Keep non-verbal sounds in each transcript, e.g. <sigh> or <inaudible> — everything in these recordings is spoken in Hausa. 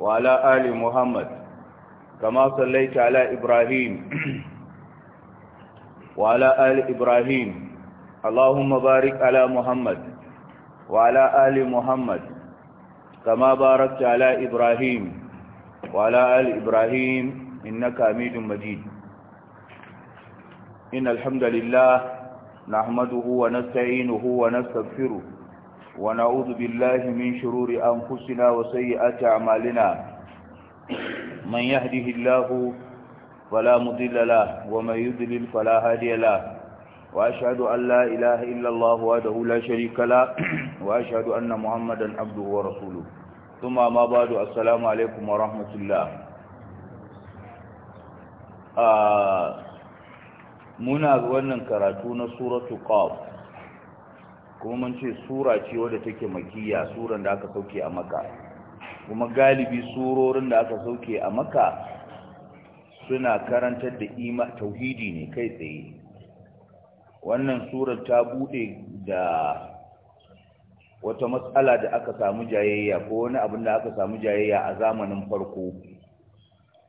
وعلى آل محمد كما صليت على إبراهيم وعلى آل إبراهيم اللهم بارك على محمد وعلى آل محمد كما باركت على إبراهيم وعلى آل إبراهيم إنك أميد مجيد إن الحمد لله نحمده ونستعينه ونستغفره ونعوذ بالله من شرور أنفسنا وسيئات أعمالنا من يهده الله فلا مضل له ومن يضلل فلا هادي له وأشهد أن لا إله إلا الله وحده لا شريك له وأشهد أن محمدا عبده ورسوله ثم ما بعد السلام عليكم ورحمة الله آه muna wannan karatu na suratul qaf kuma mun ce sura ce wadda take makiya, suran da aka sauke a maka kuma galibi surorin da aka sauke a maka suna karantar da ima tauhidi ne kai tsaye wannan surar ta bude da wata matsala da aka samu jayayya ko wani abin da aka samu jayayya a zamanin farko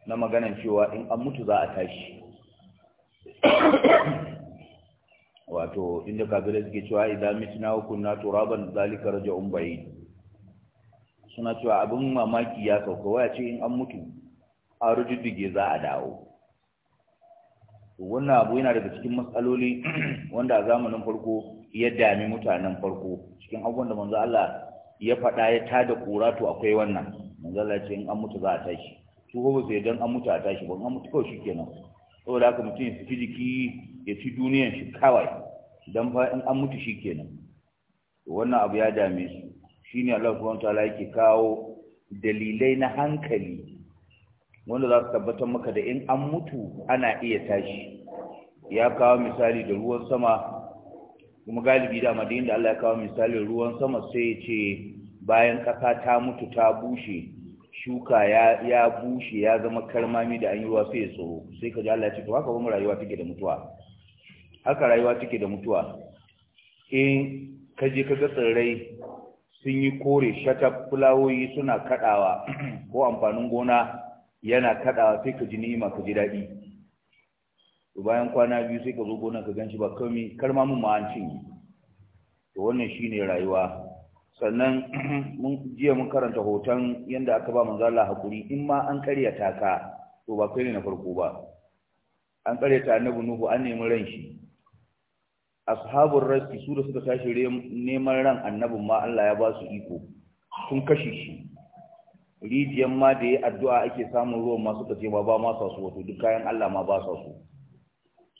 na maganan cewa in an mutu za a tashi wato inda kafirai suke cewa idan mitina hukunna turaban zalika raja umbayi suna cewa abin mamaki ya sauka waya ce in an mutu an rujuddige za a dawo wannan abu yana daga cikin matsaloli <clears throat> wanda a zamanin farko ya dami mutanen farko cikin abubuwan da manzo Allah ya faɗa ya tada kura to akwai wannan manzo Allah ce in an mutu za a tashi su ko ba sai dan an mutu a tashi ba an mutu kawai shikenan saboda haka mutum ya fi jiki ya ci duniyan shi kawai don fa in an mutu shi kenan. wannan abu ya dame su Shi ne Allah subhanahu wataala yake kawo dalilai na hankali wanda za su tabbatar maka da in an mutu ana iya tashi ya kawo misali da ruwan sama kuma galibi da madina da Allah ya kawo misalin ruwan sama sai ya ce bayan ƙasa ta mutu ta bushe shuka ya bushe ya zama karmami da an yi ruwa sai ya tsoro sai ka Allah ya ce to haka kuma rayuwa take da mutuwa haka rayuwa take da mutuwa in ka je ka ga tsirrai sun yi kore shata fulawoyi suna kadawa <clears throat> ko amfanin gona yana kadawa sai ka ji ni'ima ka ji daɗi to bayan kwana biyu sai ka zo gona ka ganci ba kami karmamin ma an to wannan shine rayuwa sannan <clears throat> mun jiya mun karanta hoton yanda aka ba manzo Allah hakuri in ma an karyata ka to ba kai ne na farko ba an karyata annabi nuhu an nemi ran shi ashabur rasul su da suka tashi neman ran annabin ma Allah ya ba su iko sun kashe shi rijiyan ma da yi addu'a ake samun ruwan ma suka ce ba ba ma sa su wato duk kayan Allah ma ba sa su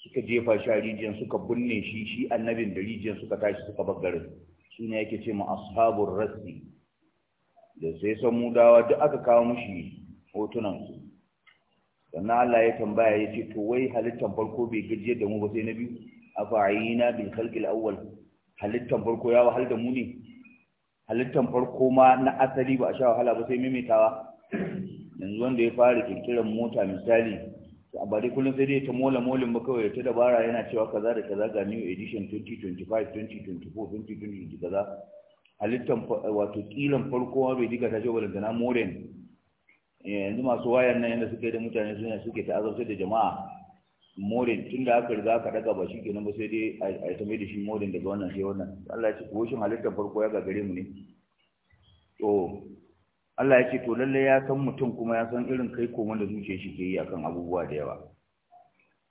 suka jefa shi a rijiyan suka binne shi shi annabin da rijiyan suka tashi suka bar garin su ne yake ce ma ashabun rasi? da sai san mudawa duk aka kawo mushi hotunansu sannan Allah ya tambaya ya ce to wai halittan farko bai gaji da mu ba sai na biyu a bil khalqi al awwal Halittan farko ya wahal da mu ne Halittan farko ma na asali ba a sha wahala ba sai maimaitawa yanzu wanda ya fara kirkirar mota misali ba dai kullum sai dai ta mola molin ba kawai ta dabara yana cewa kaza da kaza ga new edition 2025 2024 2025 kaza halittan wato kilan farko ma bai diga ta ce balanta na moren eh, yanzu masu wayan nan yadda suka yi da mutane suna suke ta azabtar da jama'a moren tun da aka riga aka daga ba shi kenan ba sai dai a yi ta mai da shi moren daga wannan sai wannan Allah ya ce ko shin halittan farko ya gagare mu ne to Allah ya ce to lalle ya san mutum kuma ya san irin kai ko da zuke shi ke yi akan abubuwa da yawa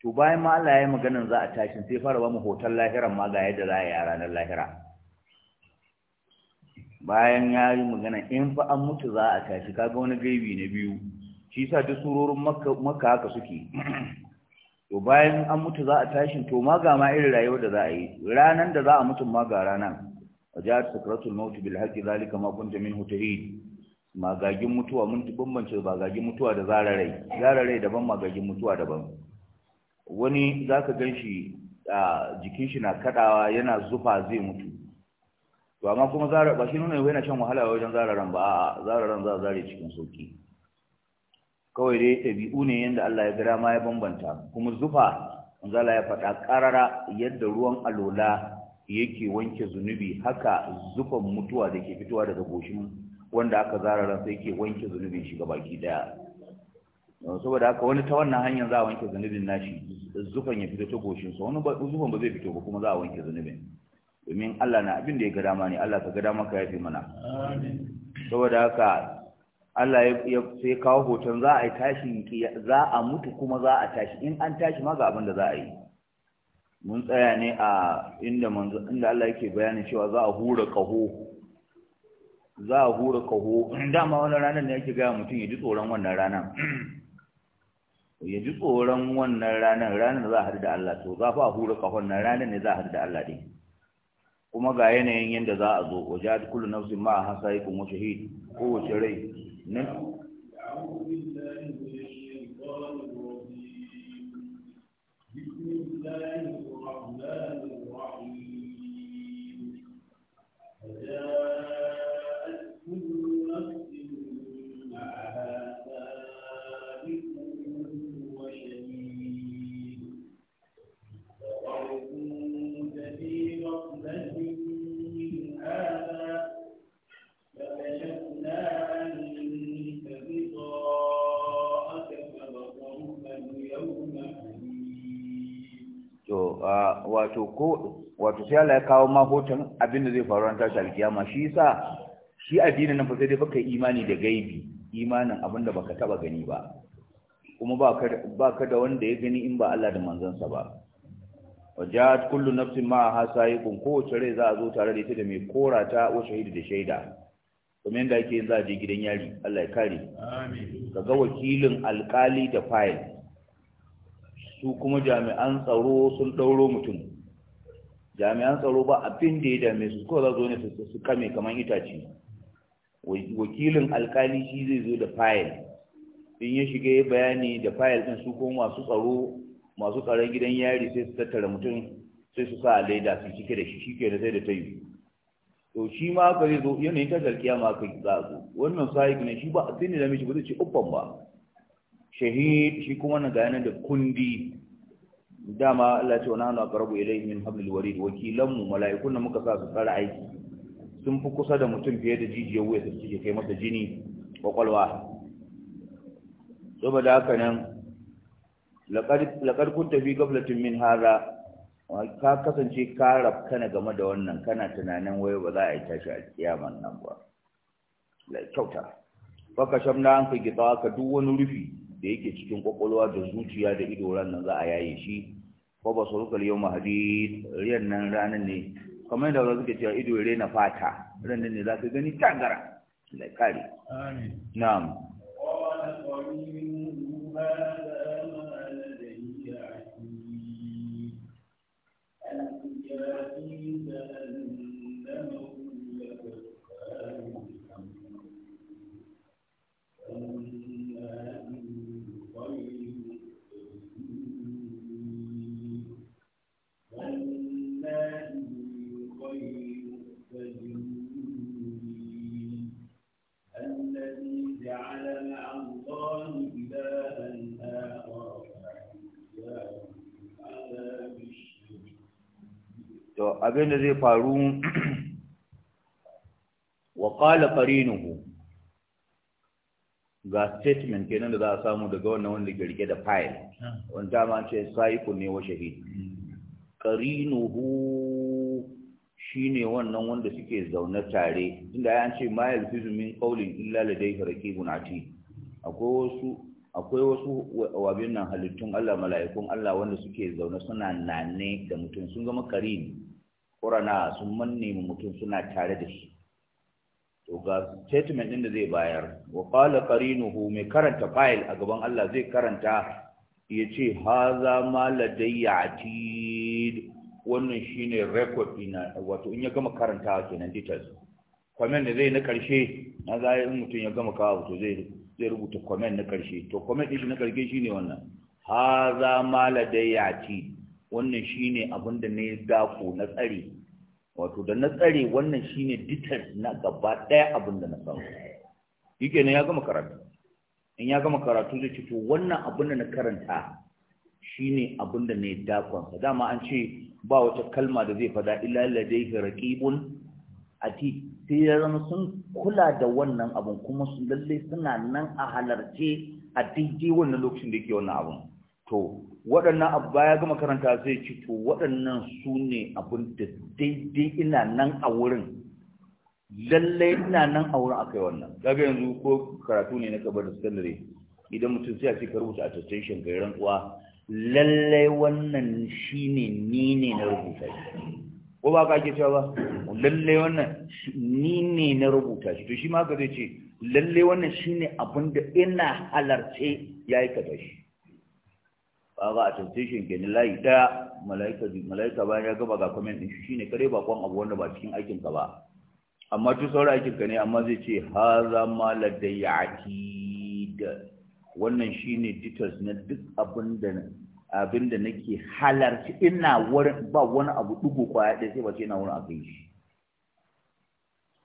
to bayan ma Allah ya yi za a tashi sai fara ba mu hoton lahiran ma ga yadda za a yi a ranar lahira bayan ya yi magana in fa an mutu za a tashi kaga wani gaibi na biyu shi sa duk surorin makka haka suke <clears throat> to bayan an mutu za a tashin to ma ga ma irin rayuwar da za a yi ranan da za a mutu ma ga ranan wajat sakratul maut bil haqqi zalika ma kunta minhu tahid magagin mutuwa mun bambance magagin mutuwa da zararai zararai daban magagin mutuwa daban wani za ka gan shi a jikin shi na kadawa yana zufa zai mutu to amma kuma zara ba shi nuna yana shan wahala wajen zararan ba a zararan za a zare cikin sauki kawai dai ɗabi'u ne yadda Allah ya gara ma ya bambanta kuma zufa zala ya faɗa ƙarara yadda ruwan alola yake wanke zunubi haka zufan mutuwa da ke fitowa daga goshin wanda aka zara ransa yake wanke zunubin shi ga baki daya saboda haka wani ta wannan hanyar za a wanke zunubin nashi zufan ya fito ta sa wani zufan ba zai fito ba kuma za a wanke zunubin domin Allah na abin da ya ga dama ne Allah ka ga dama ka yafe mana saboda haka Allah ya sai kawo hoton za a yi tashi za a mutu kuma za a tashi in an tashi ma ga abin da za a yi mun tsaya ne a inda manzo inda Allah yake bayanin cewa za a hura kaho za a hura kaho <clears throat> dama wani ranar ne ake gaya mutum ya ji tsoron wannan ranar <clears throat> ya ji tsoron wannan ranar ranar za a haɗu da Allah to za a hura kaho wannan ranar ne za a haɗu da Allah ɗin kuma ga yanayin yadda za a zo waje a kullu nafsin ma a hasa yi kuma shahid kowace rai nan بسم الله wato ko wato sai Allah ya kawo ma abin da zai faru ran tashi alkiyama shi yasa shi addinin nan fa sai dai baka imani da gaibi imanin abin baka taba gani ba kuma ba ka da wanda ya gani in ba Allah da manzansa ba wajat kullu nafsin ma hasaiqun kowace rai za a zo tare da ita da mai korata wa shahidi da shaida kuma inda ake yin za a je gidan yari Allah ya kare amin kaga wakilin alkali da fayil su kuma jami'an tsaro sun dauro mutum jami'an tsaro ba abin da ya dame su ko za zo ne su kame kamar itace wakilin alkali shi zai zo da fayil in ya shiga ya bayani da fayil ɗin su ko masu tsaro masu tsaron gidan yari sai su tattara mutum sai su sa a leda su cike da shi shike da sai da ta yi to shi ma ka zo yanayin tashar ma aka za zo wannan sahib ne shi ba abin da dame shi ba zai ce uban ba shahid shi kuma na gane da kundi dama Allah ce wani hannu a ƙarabu ilai min hablil warid wakilanmu mala'ikun da muka sa su tsara aiki sun fi kusa da mutum fiye da jijiyar wuya su suke kai masa jini kwakwalwa saboda haka nan laƙar kun tafi gablatin min hara ka kasance ka rafkana game da wannan kana tunanin wai ba za a yi tashi a kiyaman nan ba kyauta faka shamna an ka gita ka duk wani rufi da yake cikin kwakwalwa da zuciya da ido ranar nan za a yaye shi ko ba su rukar yau mahadi riyar nan ranar ne kamar da wani suke cewa ido ya rena fata ran nan ne za ka gani tangara da kare na'am abin da zai faru <clears throat> wa karinuhu qarinuhu ga statement kenan da za a samu daga wannan wanda ke rike da file wanda ma ce sa'iku ne wa shahid shi shine wannan wanda suke zaune tare inda ya ce ma yalfizu min qawlin illa ladayhi raqibun akwai wasu akwai wasu wabin nan halittun Allah mala'ikun Allah wanda suke zaune suna nane da mutum sun zama karini ƙurana sun manne mutum suna tare da shi to ga statement ɗin da zai bayar wa qala qarinuhu mai karanta fayil a gaban Allah zai karanta yace haza ma ladayya atid wannan shine record ɗina wato in ya gama karanta kenan details comment da zai na karshe na zai in mutum ya gama kawo to zai zai rubuta comment na karshe to comment din na karshe shine wannan haza ma ladayya atid wannan shine abin da ne gako na tsare wato da na tsare wannan shine details na gaba ɗaya abin da na samu yake ne ya gama karatu in ya gama karatu zai ce to wannan abin da na karanta shine abin da ne dakonsa dama an ce ba wata kalma da zai fada illa ladaihi raqibun ati sai ya zama sun kula da wannan abin kuma su lalle suna nan a halarce a daidai wannan lokacin da yake wannan abin. to waɗannan abu baya gama karanta zai ci to waɗannan su ne abin da daidai ina nan a wurin lallai ina nan a wurin aka yi wannan daga yanzu ko karatu ne na gaba da sallare idan mutum sai a ce ka rubuta a tattun kai rantsuwa lallai wannan shi ne ni ne na rubuta shi ko ba ka ake cewa ba lallai wannan ni ne na rubuta shi to shi ma ka zai ce lallai wannan shi ne abin da ina halarce ya yi kaza shi kaga a temptation ni layi daya malaika malaika ba ya gaba ga comment din shi ne kare bakon abu wanda ba cikin aikin ka ba amma tu saura aikin ka ne amma zai ce haza maladayati da wannan shine details na duk abin da abin da nake halarci ina wurin ba wani abu dugu kwaya ɗaya sai ba ce ina wurin abin shi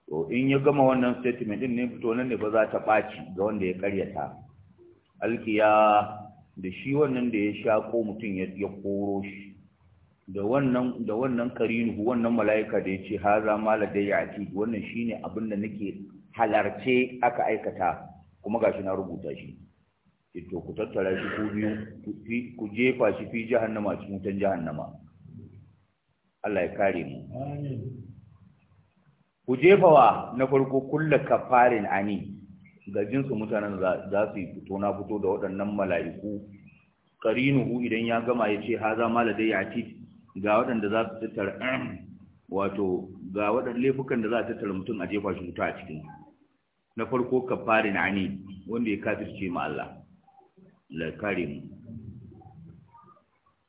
to in ya gama wannan statement din ne fito nan ne ba za ta ɓaci ga wanda ya karyata alkiya da shi wannan da ya shaƙo mutum ya koro shi da wannan da wannan karinuhu wannan mala'ika da ya ce haza mala da ya ake" wannan shine abin da nake halarce aka aikata kuma gashi na rubuta shi to ku tattara shi ku biyu ku jefa shi fi jahannama cikin wutan jahannama Allah ya kare mu ku jefa wa na farko kulla kafarin ani ga jinsu mutanen za su yi fito na fito da waɗannan mala'iku karinuhu idan ya gama ya ce haza maladai ya ci ga waɗanda za su tattara wato ga waɗanda laifukan da za a tattara mutum a jefa shi wuta a cikin na farko ka na ani wanda ya kafirce ma Allah la karim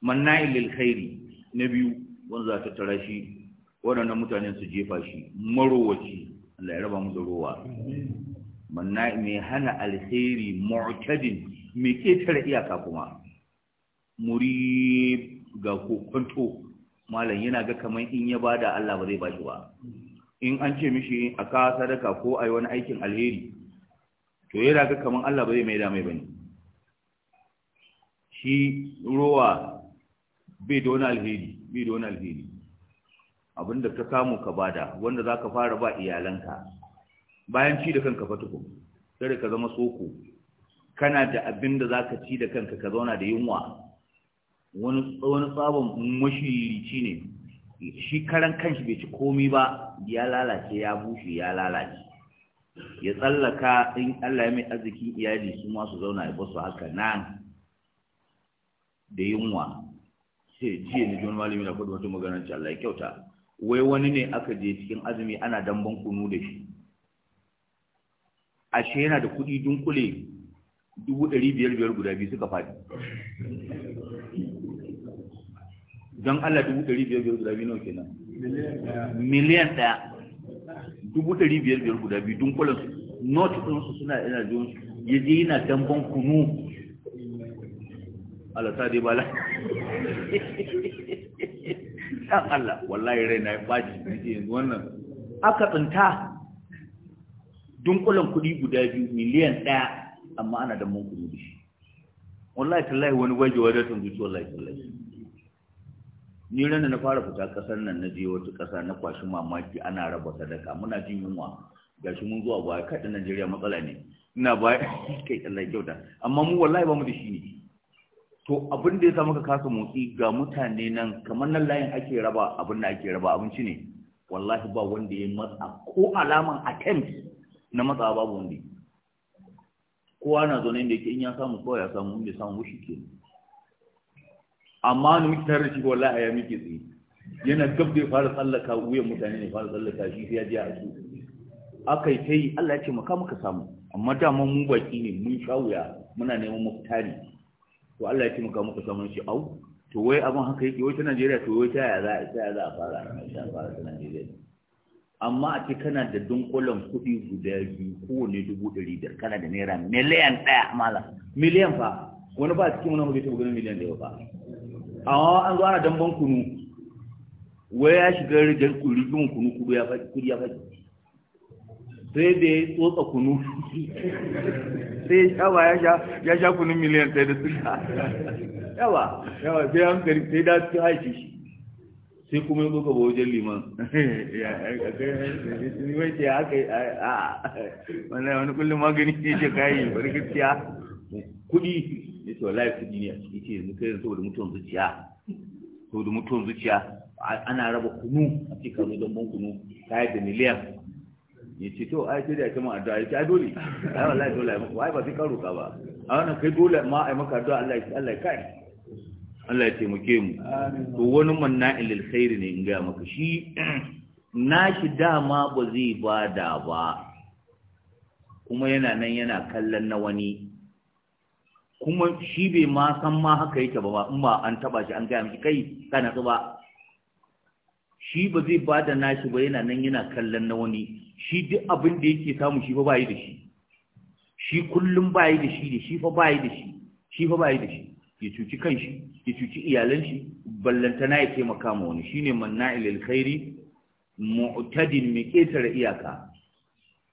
manna'il lil khairi na biyu wanda za ta tara shi waɗannan mutanen su jefa shi marowaci Allah ya raba mu da rowa manna mai hana alheri mu'tadin mai ketare iyaka kuma muri ga kwanto malam yana ga kamar in ya bada Allah ba zai shi ba in an ce mishi a ka sadaka ko ai wani aikin alheri to yana ga kamar Allah ba zai mai da mai bane shi rowa bai da wani alheri bai da wani alheri abinda ka samu ka bada wanda zaka fara ba iyalanka bayan ci da kanka fatuku sai ka zama soko kana da abin da zaka ci da kanka ka zauna da yunwa wani wani tsabon mashirici ne shi karan kanshi bai ci komai ba ya lalace ya bushe ya lalace ya tsallaka in Allah ya mai arzikin iyali su ma su zauna ya basu haka na? da yunwa sai jiya ne John Malami na kudu wata magana Allah ya kyauta wai wani ne aka je cikin azumi ana damban kunu da shi ashe yana da kuɗi dunkule dubu ɗari biyar biyar guda biyu suka faɗi don Allah dubu ɗari biyar biyar guda biyu nawa kenan miliyan ɗaya dubu ɗari biyar biyar guda biyu dunkulen su not su suna yana jiyon su ya je yana damban kunu Allah ta dai bala <laughs> dan Allah wallahi rai na ya baci yanzu wannan aka tsinta dunkulan kuɗi guda biyu miliyan ɗaya amma ana da mun kuɗi da shi wallahi tallahi wani gwaje wadda tun zuci wallahi tallahi ni ran na fara fita kasar nan na je wata kasa na kwashi mamaki ana raba sadaka muna jin yunwa shi mun zuwa baya kaɗa Najeriya matsala ne ina baya <laughs> kai Allah kyauta amma mu wallahi ba mu da shi ne to abin da ya sa muka kasa motsi ga mutane nan kamar nan layin ake raba abin da ake raba abinci ne wallahi ba wanda ya matsa ko alaman attempt na matsa babu wanda kowa na zaune da yake in ya samu kowa ya samu wanda samu wushi ke amma ni muke tare shi wallahi a ya muke tsaye yana gab da ya fara tsallaka wuyan mutane ne fara tsallaka shi sai ya je a su aka yi ta yi Allah ya ce maka muka samu amma dama mu baki ne mun sha wuya muna neman muftari to Allah ya ce maka muka samu shi au to wai abin haka yake wai ta Najeriya to wai ta yaya za a fara a fara ta Najeriya amma a ce kana da dunkulan kuɗi guda biyu kowane dubu ɗari biyar kana da naira miliyan ɗaya mala miliyan fa wani ba a cikin wani hudu ta gudunar miliyan ɗaya ba amma an zo ana damban kunu wai ya shiga rigar rigin kunu kudu ya faɗi kudu ya faɗi sai da ya tsotsa kunu sai ya sha ba ya sha kunun miliyan ɗaya da suka yawa yawa sai hankali sai da su haifi shi sai kuma yi buga wajen liman ni <laughs> ya ce haka a wannan wani kullum magani ne ce kayi bari gaskiya kudi ya ce wallahi kudi ne ya ciki ce yanzu kai saboda mutuwan zuciya saboda mutuwan zuciya ana raba kunu a ce kano don ban kunu ta yi da miliyan ya ce to ai sai da ya ma addu'a ya ce ai dole ai wallahi dole ai ba sai ka roƙa ba a wannan kai dole ma ai maka addu'a Allah ya Allah ya kai Allah ya taimake mu to wani manna'in lil khairi ne in ga maka shi <clears throat> nashi dama ba zai bada ba kuma yana nan yana kallon na wani kuma shi bai ma san ma haka yake ba in ba an taba shi an gaya miki kai kana ba shi ba zai bada nashi ba yana nan yana kallon na wani shi duk abin da yake samu shi fa yi da shi shi kullum yi da shi da shi fa yi da shi shi fa yi da shi ya cuci shi ya cuci iyalan shi na ya taimaka ma wani shine ilil khairi mu'tadin mai ƙetare iyaka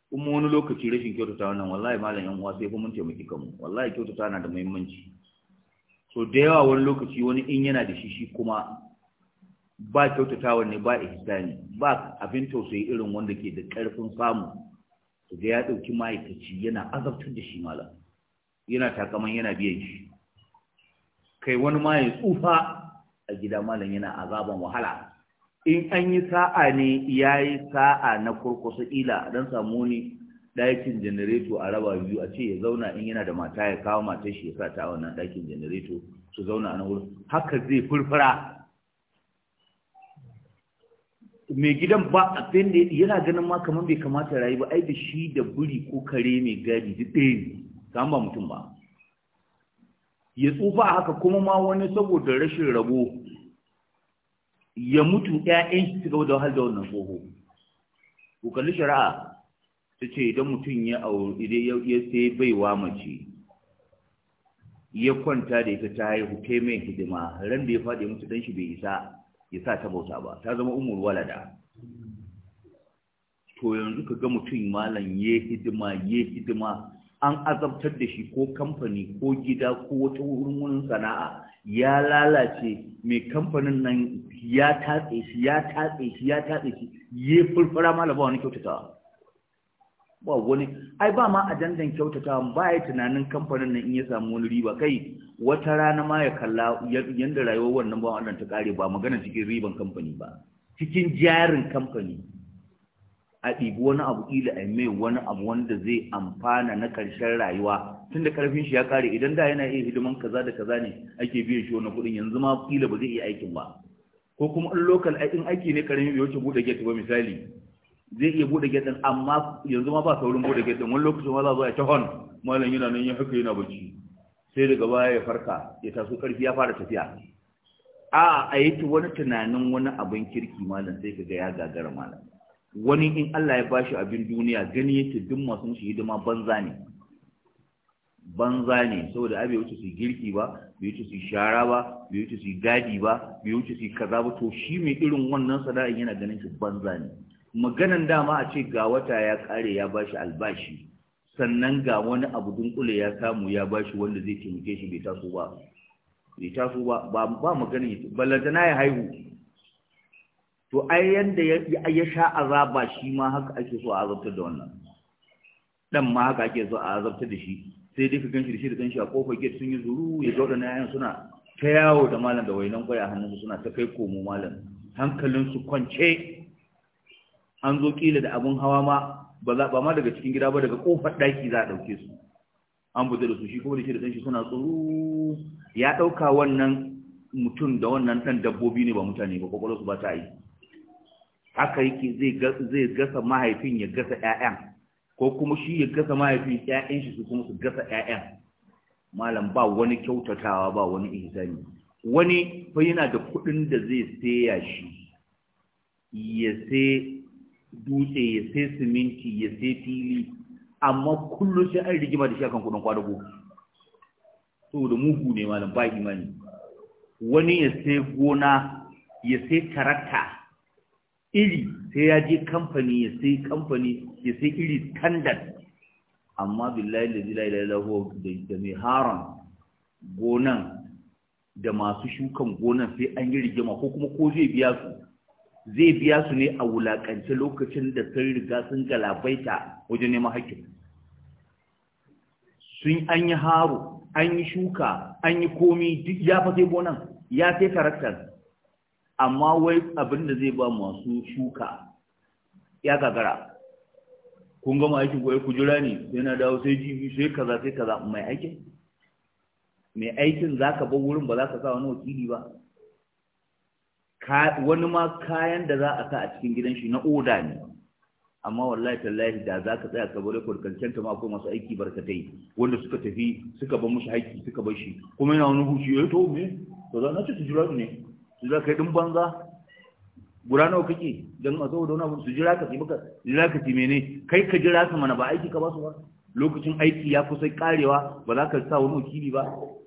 kuma wani lokaci rashin kyautata wannan wallahi malam yan uwa sai kuma mun taimaki kanmu wallahi kyautata na da muhimmanci so da yawa wani lokaci wani in yana da shi shi kuma ba kyautatawa ne ba ihsani ba abin tausayi irin wanda ke da karfin samu da ya dauki ma'aikaci yana azabtar da shi malam yana takaman yana biyan shi kai wani ma ya tsufa a gida malam yana azaban wahala in an yi sa'a ne ya yi sa'a na kurkusa ila don samu ni ɗakin janareto a raba biyu a ce ya zauna in yana da mata ya kawo matar shi ya sa ta wannan ɗakin janareto su zauna a wurin haka zai furfura mai gidan ba a da yana ganin ma kamar bai kamata rayu ba ai da shi da buri ko kare mai gadi duk ɗaya ne kamar ba mutum ba ya tsufa haka kuma ma wani saboda rashin rabo ya mutu ƴaƴan shi su gaba da wannan tsoho ku kalli shari'a ta ce idan mutum ya auri ya sai baiwa mace ya kwanta da ita ta haihu ta mai hidima ran da ya faɗi mutu dan shi bai isa ya sa ta bauta ba ta zama umur walada to yanzu ka ga mutum malam ya hidima ya hidima an azabtar da shi ko kamfani ko gida ko wata wurin sana'a ya lalace mai kamfanin nan ya tatse shi ya tatse shi ya tatse shi ya fulfura ma ba wani kyautatawa ba wani ai ba ma ajandan kyautatawa ba ya tunanin kamfanin nan in ya samu wani riba kai wata rana ma ya kalla yadda rayuwar wannan ba wannan ta kare ba magana cikin riban kamfani ba cikin jarin kamfani a ɗibi wani abu ƙila a mai wani abu wanda zai amfana na ƙarshen rayuwa tun da ƙarfin shi ya ƙare idan da yana iya hidiman kaza da kaza ne ake biyan shi wani kuɗin yanzu ma ƙila ba zai iya aikin ba ko kuma in lokal in aiki ne ƙarfin bai wuce buɗe gate ba misali zai iya buɗe gate ɗin amma yanzu ma ba saurin buɗe gate ɗin wani lokacin ma za zo a ta hon malam yana nan ya haka yana bacci sai daga baya ya farka ya taso ƙarfi ya fara tafiya a a yi wani tunanin wani abin kirki malam sai ka ga ya gagara malam wani in Allah ya bashi abin duniya gani yake duk masu shi hidima banza ne banza ne saboda ya wuce su girki ba bai wuce su shara ba bai wuce su gadi ba bai wuce su kaza ba to shi mai irin wannan sana'a yana ganin shi banza ne maganan dama a ce ga wata ya kare ya bashi albashi sannan ga wani abu dunkule ya samu ya bashi wanda zai taimake shi bai taso ba bai taso ba ba maganin ballantana ya haihu to ai yanda ya sha azaba shi ma haka ake so a azabtar da wannan dan ma haka ake so a azabtar da shi sai dai ka ganshi da shi da shi a kofar gate sun yi zuru ya ga wadannan yayan suna ta yawo da malam da wainan kwaya hannun suna ta kai komo malam hankalin su kwance an zo kila da abun hawa ma ba za ba ma daga cikin gida ba daga kofar daki za a dauke su an bude da su shi kuma da shi da shi suna tsoro ya dauka wannan mutum da wannan dan dabbobi ne ba mutane ba su ba ta yi haka yake zai gasa mahaifin ya gasa 'ya'yan ko kuma shi ya gasa mahaifin 'ya'yan shi su kuma su gasa 'ya'yan malam ba wani kyautatawa ba wani ihsani wani fa yana da kuɗin da zai saya shi ya sai dutse ya sai siminti ya sai fili amma kullum sai an rigima da shi akan kuɗin kwadago saboda mugu ne malam ba imani wani ya sai gona ya sai tarakta iri sai ya je kamfani ya sai kamfani ya sai iri standard amma billahi da zila da mai haron gonan da masu shukan gonan sai an yi rigima ko kuma ko zai biya su zai biya su ne a wulakance lokacin da sun riga sun galabaita wajen neman hakkin sun an yi haro an yi shuka an yi komi duk ya fa sai gonan ya sai taraktar amma wai abin da zai ba masu shuka ya gagara kun gama aikin ko ku jira ne sai na dawo sai jibi sai kaza sai kaza mai aikin mai aikin zaka bar wurin ba zaka sa wani wakili ba wani ma kayan da za a sa a cikin gidan shi na oda ne amma wallahi tallahi da za ka tsaya ka bari kurkancen ta ma akwai masu aiki barkatai wanda suka tafi suka bar musu haƙƙi suka bar shi kuma yana wani hushi ya eh, to me to za na ci su jira ne su za ka yi ɗin banza guda nawa kake don a saboda wani abu su jira ka su jira ka su mene kai ka jira su mana ba aiki ka ba su ba lokacin aiki ya kusa karewa ba za ka sa wani wakili ba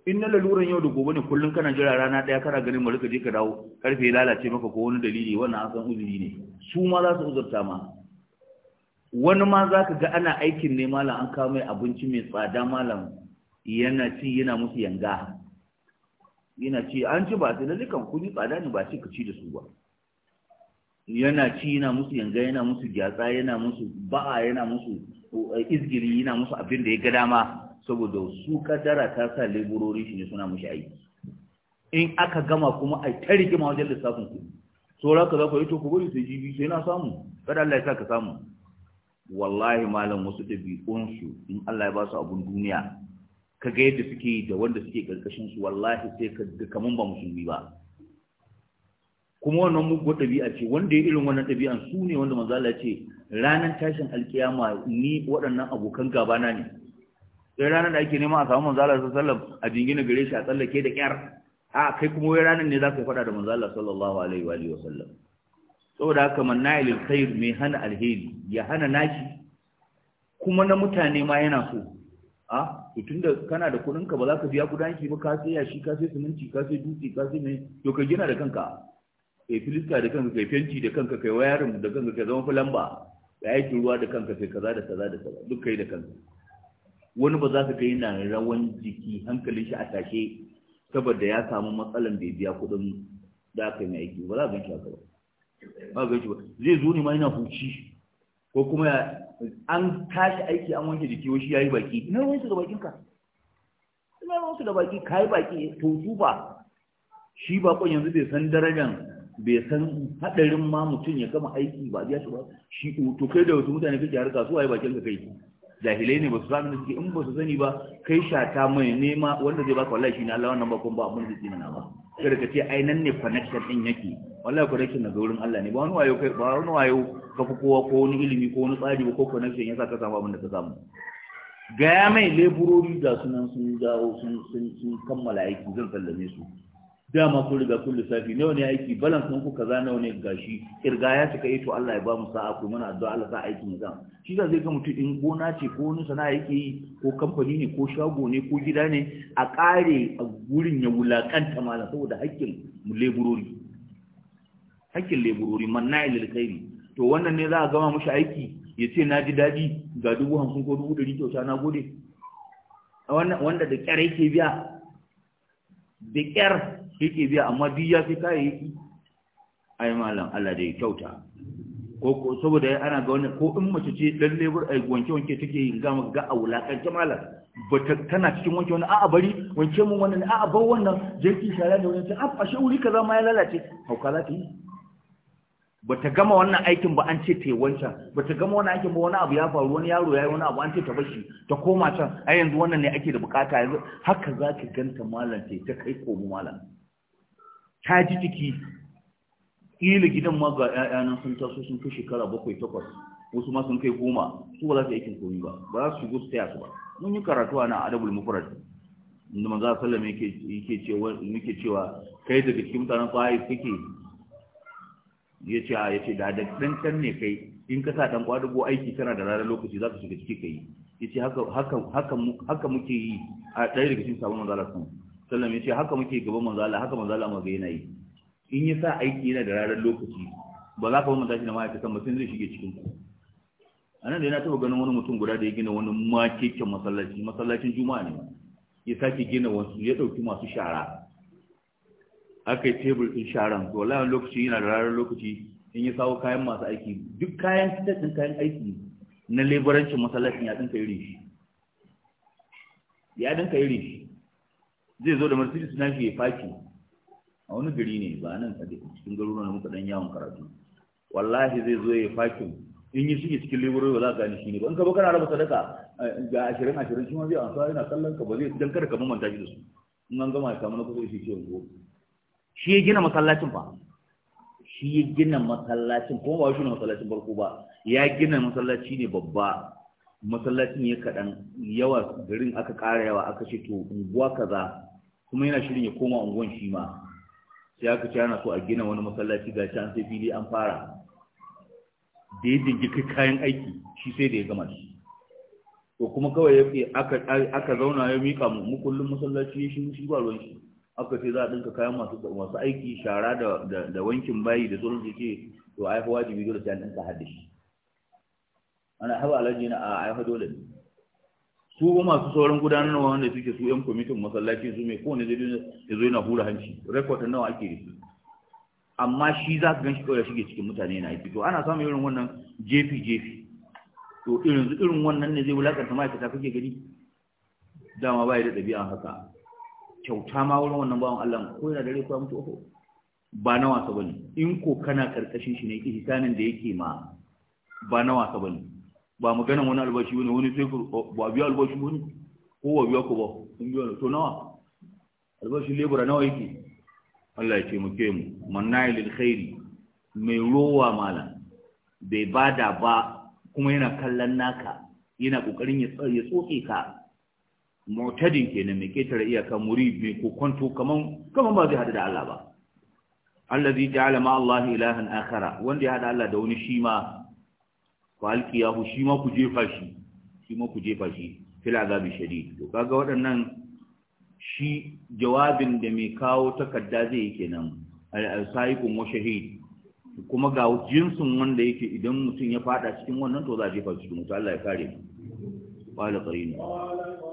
in na laluran yau da gobe ne kullum kana jira rana ɗaya kana ganin bari ka je ka dawo karfe ya lalace maka ko wani dalili wannan asan uzuri ne su ma za su uzurta ma wani ma za ka ga ana aikin ne malam an kawo mai abinci mai tsada malam yana ci yana musu yanga yana ce an ci ba su da dukan kun yi tsada ne ba ce ka ci da su ba yana ci yana musu yanga yana musu gyatsa yana musu ba'a yana musu eh, izgiri yana musu abin da ya ga dama saboda su kaddara ta sa leburori shi ne suna mushi aiki in aka gama kuma a ta rigima wajen lissafin ku saura ka za ku yi to ku bari sai jibi sai na samu kada Allah ya sa ka samu wallahi malam wasu ɗabi'unsu in Allah ya ba su abun duniya ka ga yadda suke da wanda suke karkashin su wallahi sai ka ga kaman ba musulmi ba kuma wannan mugun ɗabi'a ce wanda ya irin wannan ɗabi'an su ne wanda manzo Allah ce ranar tashin alkiyama ni waɗannan abokan gaba na ne sai ranar da ake nema a samu manzo Allah sallallahu a jingina gare shi a tsallake da kyar a kai kuma wai ranar ne za ka faɗa da manzo Allah sallallahu alaihi wa alihi wa sallam saboda haka man na'il khair mai hana alheri ya hana naki kuma na mutane ma yana so a to tunda kana da kuɗin ka ba za ka biya kudin aiki ba ka sai yashi ka sai siminti ka sai dutse ka sai me to ka gina da kanka kai filista da kanka kai fenti da kanka kai wayarin da kanka kai zama filamba kai aikin ruwa da kanka kai kaza da kaza da kaza duk kai da kanka wani ba za ka kai na rawan jiki hankalin shi a tashe saboda ya samu matsalan da ya biya kuɗin da aka yi aiki ba za ka ganshi ba ba ba shi ba zai zo ne ma ina huci ko kuma an tashi aiki an wanke jiki wai shi yayi baki ina ruwansu da bakin ka ina ruwansu da baki kai baki to su shi ba kon yanzu bai san darajan bai san hadarin ma mutum ya gama aiki ba ya shi ba shi to kai da wasu mutane kake harka su waye bakin ka kai jahilai ne ba su sami suke in ba su sani ba kai shata mai nema wanda zai baka wallahi shi ne Allah wannan kun ba mun da tsina ba kada ka ce ai nan ne connection din yake wallahi rakin daga wurin Allah ne ba wani wayo kai ba wani wayo ka fi kowa ko wani ilimi ko wani tsari ba ko connection yasa ka samu abin da ka samu gaya mai leburori da sunan sun dawo sun sun kammala aiki zan sallame su dama ku riga kun lissafi nawa ne aiki balan sun ku kaza nawa ne gashi kirga ya cika yi eh to Allah ya ba mu sa'a ku mana addu'a Allah sa aiki ne zan? shi da zai ga mutum in gona ce ko wani sana'a yake yi ko kamfani ne ko shago ne ko gida ne a kare a gurin ya wulakanta malam saboda haƙƙin leburori hakkin leburori manna ilil khairi to wannan ne za a gama mashi aiki ya ce na ji daɗi ga dubu hamsin ko dubu ɗari kyauta na gode wanda da ƙyar yake biya da ƙyar yake biya amma duk ya fi kayayyaki ai malam Allah da ya kyauta ko saboda ana ga wani ko in mace ce dan lebur ai wanke wanke take yin ga ga a wulakance malam bata tana cikin wanke wani a'a bari wanke mun wannan a'a bar wannan jirgin shara da wani ta a ashe wuri kaza ma ya lalace hauka za ta yi bata gama wannan aikin ba an ce ta yi wancan bata gama wannan aikin ba wani abu ya faru wani yaro ya yi wani abu an ce ta bashi ta koma can ai yanzu wannan ne ake da bukata yanzu haka za ki ganta malam ce ta kai komo malam ta ji ciki. ƙila gidan ma ga ƴaƴanan sun taso sun kai shekara bakwai takwas wasu ma sun kai goma su ba za su yi aikin komi ba ba za su shigo su taya su ba mun yi karatu a nan adabul mufrad inda manzo sallama yake cewa kai daga cikin mutanen kwaye kake ya ce a ya ce da da ɗan can ne kai in ka sa ɗan ƙwadugo aiki tana da ranar lokaci za su shiga ciki kai ya ce haka muke yi a ɗaya daga cikin sabon manzala sun sallam ya ce haka muke gaban manzala haka manzala ma ga yana yi in ya sa aiki yana da ranar lokaci ba za ka mamanta shi ma'aikata ma'aikatan sai zai shige cikin ku a nan da yana taɓa ganin wani mutum guda da ya gina wani makeken masallaci masallacin juma'a ne ya sake gina wasu ya ɗauki masu shara aka yi tebur ɗin sharan to wallahi lokaci yana da rarar lokaci in yi kawo kayan masu aiki duk kayan fitar kayan aiki na leburancin masallacin ya ɗinka irin shi ya ɗinka irin shi zai zo da mercedes na shi ya faki a wani gari ne ba nan a cikin garuruwa na muka ɗan yawon karatu wallahi zai zo ya faki in yi shige cikin leburai, ba za ka gane shi ne ba in ka ba kana raba sadaka eh, ga ashirin ashirin shi ma zai amsa yana kallon ka ba zai dan kada ka mamanta shi da su in an gama ya samu na kusa shi ce ko shi ya gina masallacin ba shi ya gina masallacin kuma ba shi ne masallacin farko ba ya gina masallaci ne babba masallacin ya kaɗan yawa garin aka ƙara yawa aka ce to unguwa kaza kuma yana shirin ya koma unguwan shi ma sai aka ce ana so a gina wani masallaci ga an sai fili an fara da ya jingi kayan aiki shi sai da ya gama shi to kuma kawai aka zauna ya mika mu kullum masallaci ya shi shi ba ruwan shi aka ce za a dinka kayan masu masu aiki shara da da wankin bayi da sauran su ce to ai fa wajibi dole sai an dinka hadda shi ana haba alaji na a ai fa dole ne su ko masu sauran gudanarwa wanda suke su yan kwamitin masallaci su mai kowane zai ya zo yana hura hanci rekod nawa ake da su amma shi za ka gan shi kawai shige cikin mutane na aiki to ana samun irin wannan jefi jefi to irin irin wannan ne zai wulakanta ma'aikata kake gani dama ba ya da ɗabi'an haka kyauta ma wurin wannan bawan Allah ko yana dare ko mutu uku ba na wasa bane in ko kana karkashin shi ne ihsanin da yake ma ba na wasa bane ba maganan wani albashi bane wani sai ba biya albashi bane ko wa biya ko ba in biya to nawa albashi lebura nawa yake Allah ya ce mu ke mu. mannayi lil khairi mai rowa malam bai bada ba kuma yana kallon naka yana kokarin ya tsoke ka mutadin kenan mai ketare iyaka muri ko kwanto kaman kaman ba zai hada da Allah ba allazi ja'ala ma Allah ilahan akhara wanda ya hada Allah da wani shi ma fa alqiyahu shi ma ku jefa shi shi ma ku jefa shi fil azabi shadid to kaga waɗannan shi jawabin da mai kawo takarda zai yi kenan al-sa'iqun wa shahid kuma ga jinsin wanda yake idan mutum ya fada cikin wannan to za a jefa mutum Allah ya kare mu qala qarina qala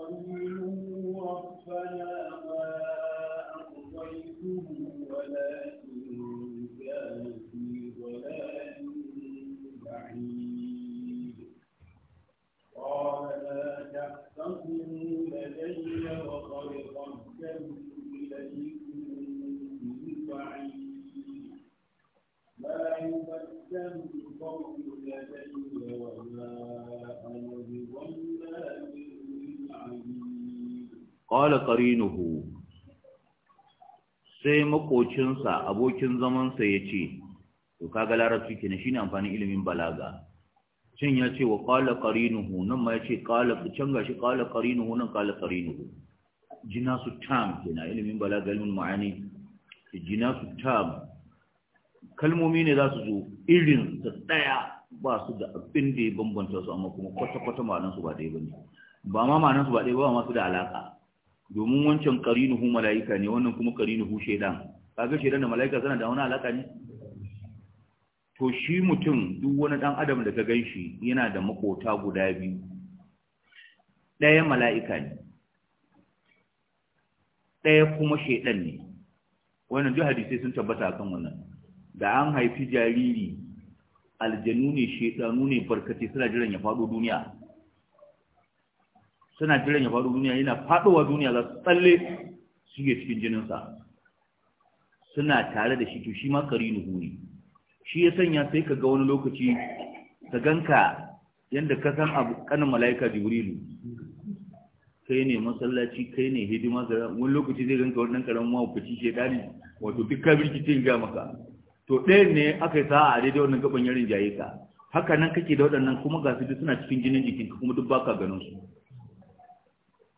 qala qarinuhu sai makocinsa abokin zamansa ya ce to kaga larabci kenan shine amfanin ilimin balaga shin ya ce wa qala qarinuhu nan ma ya ce qala can gashi qala qarinuhu nan qala qarinuhu jinasu tam kenan ilimin balaga ilimin ma'ani jinasu tam kalmomi ne za su zo irin da daya ba su da abin da ya bambanta su amma kuma kwata-kwata ma'anansu ba ɗaya ba ne ba ma ma'anansu ba ɗaya ba ma su da alaka domin wancan karinuhu mala'ika ne wannan kuma karinuhu shaidan kaga shaidan da mala'ika suna da wani alaka ne to shi mutum duk wani dan adam da ka ganshi yana da makota guda biyu ɗaya mala'ika ne ɗaya kuma shaidan ne wannan duk hadisi sun tabbata akan wannan da an haifi jariri aljanu ne shaidanu ne barkatai suna jiran ya faɗo duniya suna jiran ya faru duniya yana faɗowa duniya za su tsalle suke cikin jininsa suna tare da shi to shi ma ƙari ne shi ya sanya sai ka ga wani lokaci ka ganka yadda ka san abu kanin mala'ika jibrilu kai ne masallaci kai ne hidima ga wani lokaci zai ganka wannan karamin mahaukaci shedani wato duk ka birkice ga maka to ɗaya ne aka yi sa'a a daidai wannan gaban yarin jaye ka haka nan kake da waɗannan kuma ga su duk suna cikin jinin jikinka kuma duk baka ganin su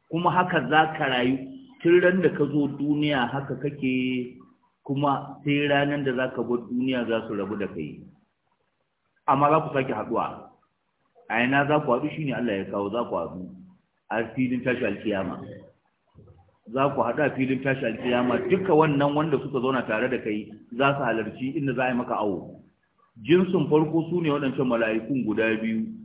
kuma haka za ka rayu tun ran da ka zo duniya haka kake kuma sai ranar da za ka bar duniya za su rabu da kai amma za ku sake haɗuwa a yana za ku haɗu shi ne Allah ya kawo za ku haɗu a filin tashi alkiyama za ku haɗu a filin tashi alkiyama duka wannan wanda suka zauna tare da kai za su halarci inda za a yi maka awo jinsin farko su ne waɗancan mala'ikun guda biyu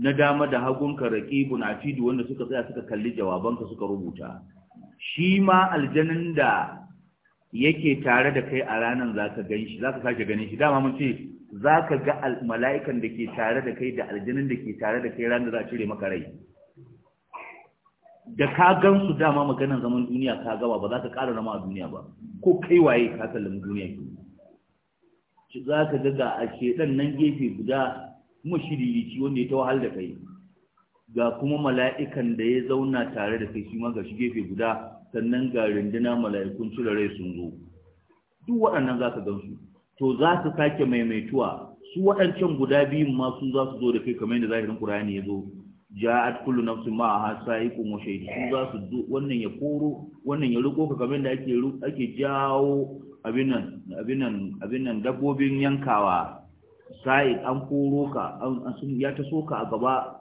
na dama da hagunka raqibun atid wanda suka tsaya suka kalli jawabanka suka rubuta shi ma aljanin da yake tare da kai a ranan zaka ganshi zaka sake ganin shi dama mun ce zaka ga mala'ikan da ke tare da kai da aljanin da ke tare da kai ranar da za a cire maka rai da ka gan su dama maganar zaman duniya ka gaba ba za ka ƙara zama a duniya ba ko kai waye ka sallama duniya ke za ka ga ga a shedan nan gefe guda mashiririci wanda ya ta wahal da kai ga kuma mala'ikan da ya zauna tare da kai shi ma ga shi gefe guda sannan ga rinduna mala'ikun cire rai sun zo duk waɗannan za ka su, to za su sake maimaituwa su waɗancan guda biyun ma sun za su zo da kai kamar yadda zahirin ƙur'ani ya zo ja'at kullu nafsin ma'aha sa'iqun wa shahid su za su zo wannan ya koro wannan ya riko ka kamar yadda ake ake jawo abin nan abin nan dabbobin yankawa sa'id an koro ka ya ta soka a gaba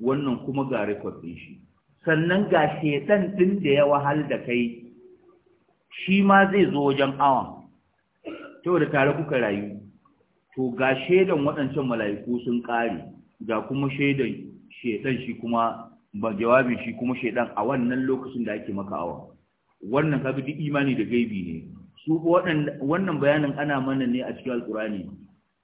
wannan kuma ga rekod ɗin shi sannan ga shedan ɗin da ya wahal da kai shi ma zai zo wajen awon to da tare kuka rayu to ga shaidan waɗancan mala'iku sun kare, ga kuma shaidan shedan shi kuma ba jawabin shi kuma shedan a wannan lokacin da ake maka awa wannan ka duk imani da gaibi ne su wannan bayanin ana mana ne a cikin alkurani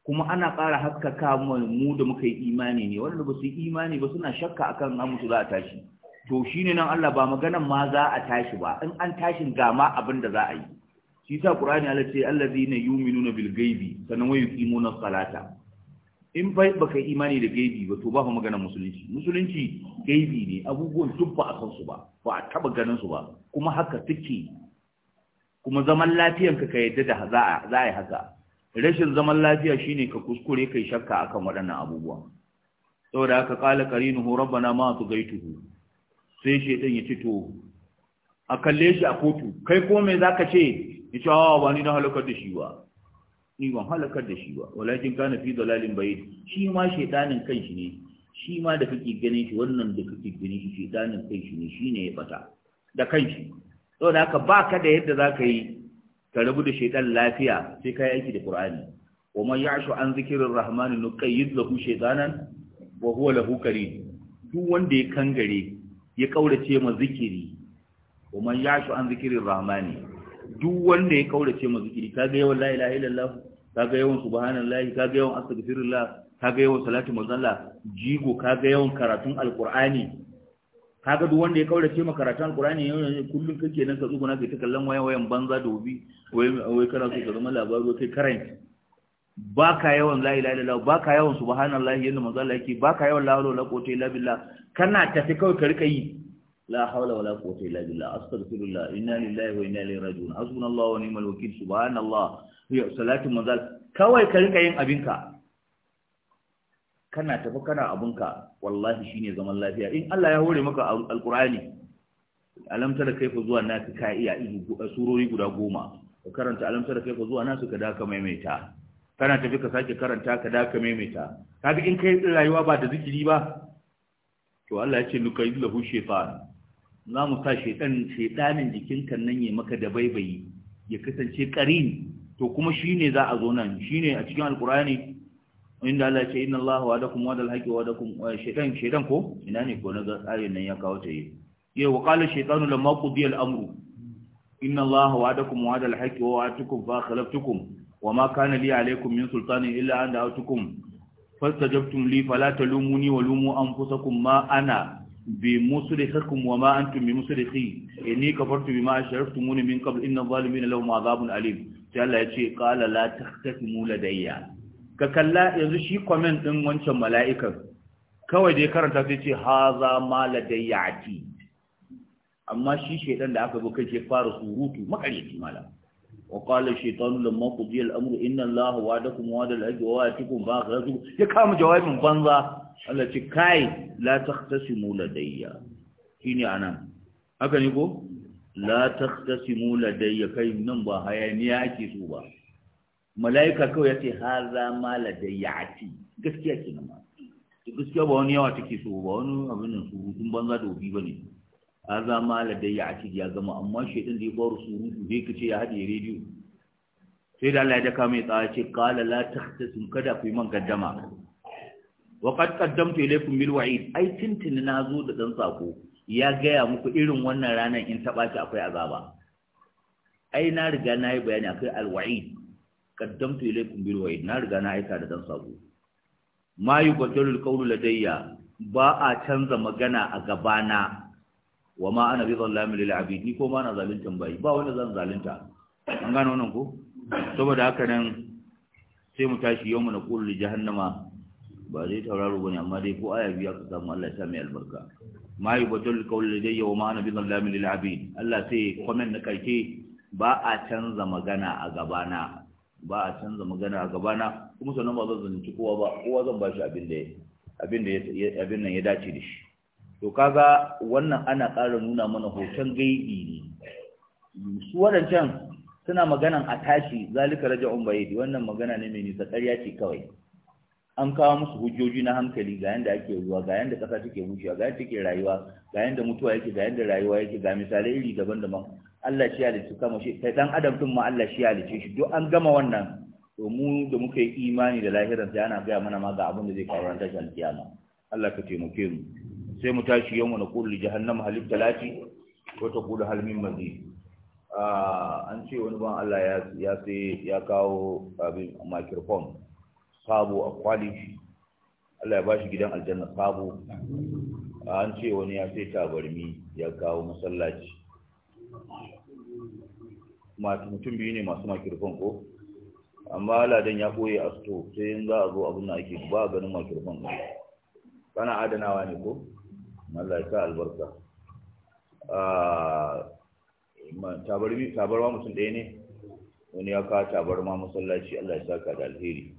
kuma ana ƙara haskaka mu da muka yi imani ne wanda ba su yi imani ba suna shakka akan an mutu za a tashi to shine nan Allah ba maganan ma za a tashi ba in an tashin gama abin da za a yi shi sa Qur'ani Allah ce allazina yu'minuna bil ghaibi sanan wa yuqimuna salata in bai baka imani da gaibi ba to ba fa maganar musulunci musulunci gaibi ne abubuwan duk a kansu ba ba a taba ganin su ba kuma haka suke kuma zaman lafiyanka ka yadda da za a yi haka rashin zaman lafiya shine ka kuskure kai shakka akan waɗannan abubuwa saboda haka kala qarinuhu rabbana ma tughaytuhu sai shi ya yace to a kalle shi a kotu kai ko me zaka ce ya a awa ba ni na halakar da shi ba ni ban halakar da shi ba walakin kana fi dalalin bayyin shi ma kan kanshi ne shi ma da kake ganin shi wannan da kake ganin shi kan kanshi ne shine ya fata da kanshi saboda haka baka da yadda zaka yi ka rabu da shaitan lafiya sai ka aiki da qur'ani wa man ya'shu an zikrir rahmani nuqayyid lahu shaytanan wa huwa lahu qarin duk wanda ya kangare ya kaurace ma zikiri wa man ya'shu an zikrir rahmani duk wanda ya kaurace ma zikiri kaga yawan la ilaha illallah kaga yawan subhanallahi kaga yawan astaghfirullah kaga yawan salatu mazalla jigo kaga yawan karatun alqur'ani kaga duk wanda ya kaurace ma karatun alqur'ani kullun kake nan ka na kai ta kallon wayan wayan banza da wubi wai kana so ka zama labaru kai current ba ka yawan la ilaha ba ka yawan subhanallahi yanda manzo Allah yake ba ka yawan la hawla wala quwwata illa billah kana tafi kawai ka rika yi la haula wala quwwata illa billah astaghfirullah inna lillahi wa inna ilaihi raji'un hasbunallahu wa ni'mal wakeel subhanallah ya salatin manzo kawai ka rika yin abinka kana tafi kana abinka wallahi shine zaman lafiya in Allah ya hore maka alqur'ani alam tara kaifa zuwa naka ka iya eh, surori guda goma ka karanta da kai ka zuwa nasu ka da ka maimaita kana tafi ka sake karanta ka da ka maimaita kaga in kai rayuwa ba da zikiri ba to Allah ya ce yi lahu shaytan za mu sa shaytan shaytanin jikinka nan ya maka da baibayi ya kasance qarin to kuma shine za a zo nan shine a cikin alqur'ani inda Allah ya ce inna Allahu wa'adakum wa'dal haqqi wa'adakum shaytan shaytan ko ina ne ko na ga tsari nan ya kawo ta yi ya wa qala shaytanu lamma qudiya al-amru inna allaha wa'adakum wa'ada al-haqqi wa wa'atukum fa khalaftukum wa ma kana li alaykum min sultani illa an da'awtukum fastajabtum li fala talumuni wa lumu anfusakum ma ana bimusrikhikum wa ma antum bimusrikhi inni kafartu bima ashraftumuni min qabl inna adh-dhalimina lahum 'adhabun alim sai Allah ya ce qala la tahtasimu ladayya ka kalla yanzu shi comment din wancan mala'ikan kawai dai karanta sai ce haza ma ladayya ati amma shi shaidan da aka zo kai shi fara surutu makaryaci mala wa qala shaytanu lamma qudi al-amru inna allaha wa'adakum wa'ada al ajr wa atikum ba'dahu ya kama jawabin banza Allah ce kai la taqtasimu ladayya shine anan haka ne ko la taqtasimu ladayya kai nan ba hayaniya ake so ba malaika kawai yace haza ma ladayya ati gaskiya kenan ma gaskiya ba wani yawa take so ba wani abin nan surutun banza da ubi bane haza ma ladayya ciki ya gama amma din da ya su surutu sai kace ya hade rediyo sai da Allah ya daka mai tsaya ce qala la tahtasim kada ku yi man gaddama wa qad qaddamtu ilaykum bil wa'id ai tintin na zo da dan sako ya gaya muku irin wannan ranar in ta ki akwai azaba ai na riga na yi bayani akwai wa'id qaddamtu ilaykum bil wa'id na riga na aika da dan sako ma yubaddalul qawlu ladayya ba a canza magana a gabana wa ma ana bi zallamin lil abidi ko ma na zaluntan bayi ba wanda zan zalunta an gano wannan ko saboda haka nan sai mu tashi yau mu na kullu jahannama ba zai tauraro bane amma dai ko aya biya ka samu Allah ya sa mai albarka ma yubatul qawl ladayya wa ma ana bi zallamin lil abid Allah sai comment na karke. ba a canza magana a gabana ba a canza magana a gabana kuma sannan ba zan zanci kowa ba kowa zan bashi abin da abin da abin nan ya dace da shi to kaga wannan ana ƙara nuna mana hoton gaibi ne su waɗancan suna maganan a tashi zalika raja'un bayyidi wannan magana ne mai nisa ƙarya ce kawai an kawo musu hujjoji na hankali ga yanda ake ruwa ga yanda ƙasa take bushewa ga yanda take rayuwa ga yanda mutuwa yake ga yanda rayuwa yake ga misalai iri daban-daban Allah shi halicci kama shi kai dan adam din ma Allah shi halicce shi duk an gama wannan to mu da muka yi imani da lahirar sai ana gaya mana ma ga abin da zai kawo ran tashin kiyama Allah ka taimake mu sai mu tashi yau na kulli jahannam halif talati ko ta kulli hal min mazid an ce wani ban Allah ya ya sai ya kawo abin microphone sabo a kwalifi Allah ya bashi gidan aljanna sabo an ce wani ya sai tabarmi ya kawo masallaci mutum biyu ne masu makirfon ko amma ladan ya koye a sto sai in za a zo abin da ake ba ganin makirfon kana adanawa ne ko Allah ya sa albarka ah, tabarmi tabarwa mutum ɗaya ne wani ya kawo tabarma masallaci Allah ya saka da alheri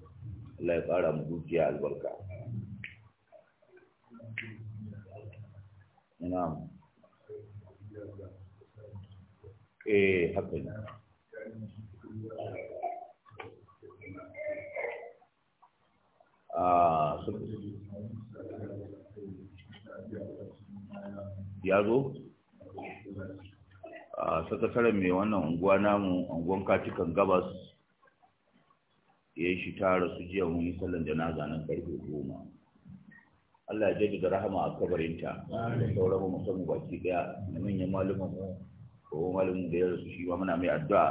Allah ya ƙara mu dukiya albarka na'am eh haka ne ah ya zo a sakataren mai wannan unguwa namu unguwan katikan gabas ya yi shi tara su jiya mun yi sallan janaza nan karfe goma Allah ya jaddada rahama a kabarinta da sauran mu musamman baki daya da manyan malumin mu ko malumin da ya rasu shi ma muna mai addu'a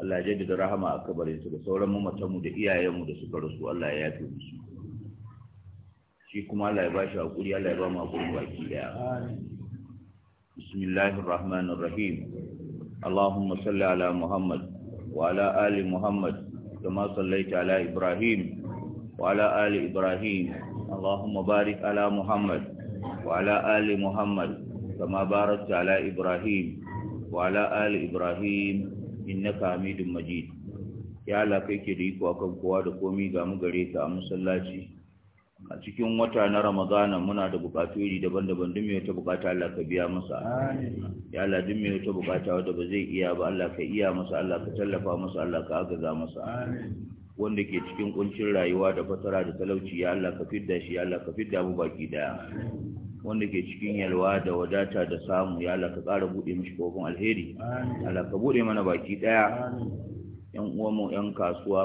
Allah ya jaddada rahama a kabarinta da sauran mu matan mu da iyayen mu da suka rasu Allah ya yafe musu shi kuma Allah ya bashi hakuri Allah ya ba mu hakuri baki daya bismillahir rahmanir rahim allahumma salli ala muhammad wa ala ali muhammad kama sallaita ala ibrahim wa ala ali ibrahim allahumma barik ala muhammad wa ala ali muhammad kama barakta ala ibrahim wa ala ali ibrahim innaka hamidum majid ya Allah kai ke da iko akan kowa da komai ga mu gare ka a masallaci a cikin wata na ramadana muna da bukatu iri daban-daban duk mai wata bukata Allah ka biya masa ya Allah duk mai wata bukata wadda ba zai iya ba Allah ka iya masa Allah ka tallafa masa Allah ka agaza masa wanda ke cikin kuncin rayuwa da fatara da talauci ya Allah ka fidda shi ya Allah ka fidda mu baki daya wanda ke cikin yalwa da wadata da samu ya Allah ka ƙara bude mishi kofin alheri Allah ka bude mana baki daya yan mu yan kasuwa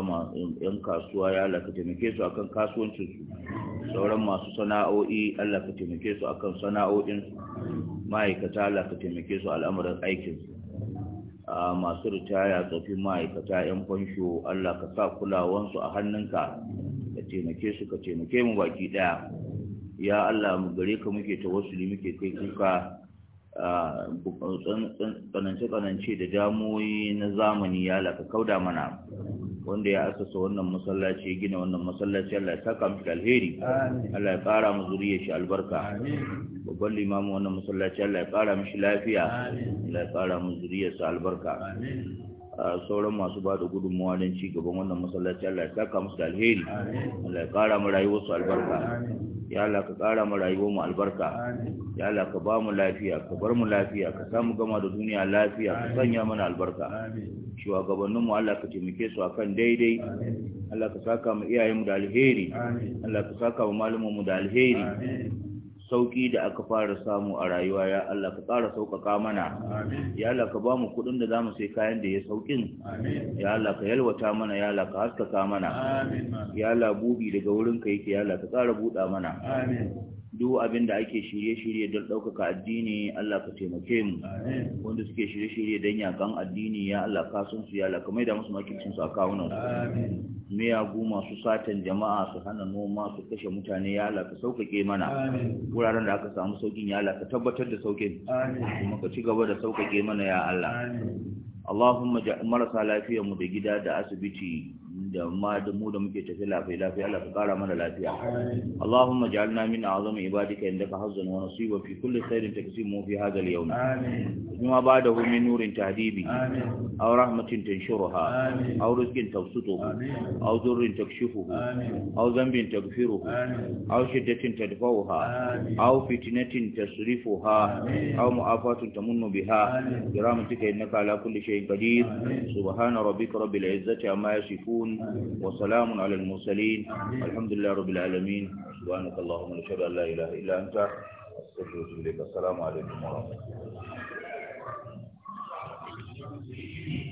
yan kasuwa ya Allah ka taimake su akan kasuwancin su sauran masu sana'o'i Allah ka taimake su akan sana'o'in ma'aikata Allah ka taimake su al'amuran aikin masu ritaya tsofin ma'aikata 'yan fansho Allah ka sa kulawansu a hannunka ka taimake su ka taimake mu baki ɗaya ya Allah mu gare ka muke tawassuli muke kai kuka tsanance-tsanance da damoyi na zamani ya ka kauda mana wanda ya asasa wannan masallaci ya gina wannan masallaci Allah ya saka mishi alheri Allah ya ƙara mu zuriyar shi albarka babban limamin wannan masallaci Allah ya ƙara mishi lafiya Allah ya ƙara mu zuriyar sa albarka sauran masu ba da gudunmuwa don ci gaban wannan masallaci Allah ya saka musu da alheri Allah ya kara mu rayuwar albarka ya Allah ka kara mu rayuwar mu albarka ya Allah ka ba mu lafiya ka bar mu lafiya ka samu gama da duniya lafiya ka sanya mana albarka shugabanninmu mu Allah ka taimake su akan daidai Allah ka saka mu iyayen da alheri Allah ka saka mu malaman mu da alheri sauki da aka fara samu a rayuwa ya Allah ka ƙara sauƙaƙa mana ya Allah ka ba mu kuɗin da za mu sai kayan da ya sauƙin ya Allah ka yalwata mana ya Allah ka haskaka mana ya Allah bubi daga wurinka yake ya Allah ka ƙara buɗa mana duk abin da ake shirye-shirye don ɗaukaka addini Allah ka taimake mu wanda suke shirye-shirye don yakan addini ya Allah ka sun su ya Allah kamar da musu makircin su a kawunan su miyagu masu satan jama'a su hana noma su kashe mutane ya Allah ka sauƙaƙe mana wuraren da aka samu sauƙin ya Allah ka tabbatar da sauƙin kuma ka ci gaba da sauƙaƙe mana ya Allah Allahumma marasa lafiyar mu da gida da asibiti da ma da mu da muke tafi lafiya lafiya Allah ka kara mana lafiya Allahumma ja'alna min a'zami ibadika indaka hazzan wa nasiba fi kulli khairin takesimu fi hadha al-yawm amin bima ba'dahu min nurin tahdibi amin aw rahmatin tanshurha amin aw rizqin tawsutuhu amin aw dhurrin takshifuhu amin aw dhanbin taghfiruhu amin aw shiddatin tadfa'uha amin aw fitnatin tasrifuha amin aw mu'afatun tamunnu biha bi rahmatika innaka ala kulli shay'in qadir subhana rabbika rabbil izzati amma yasifun وسلام على المرسلين الحمد لله رب العالمين سبحانك اللهم نشهد أن لا إله إلا أنت أستغفرك إليك السلام عليكم ورحمة الله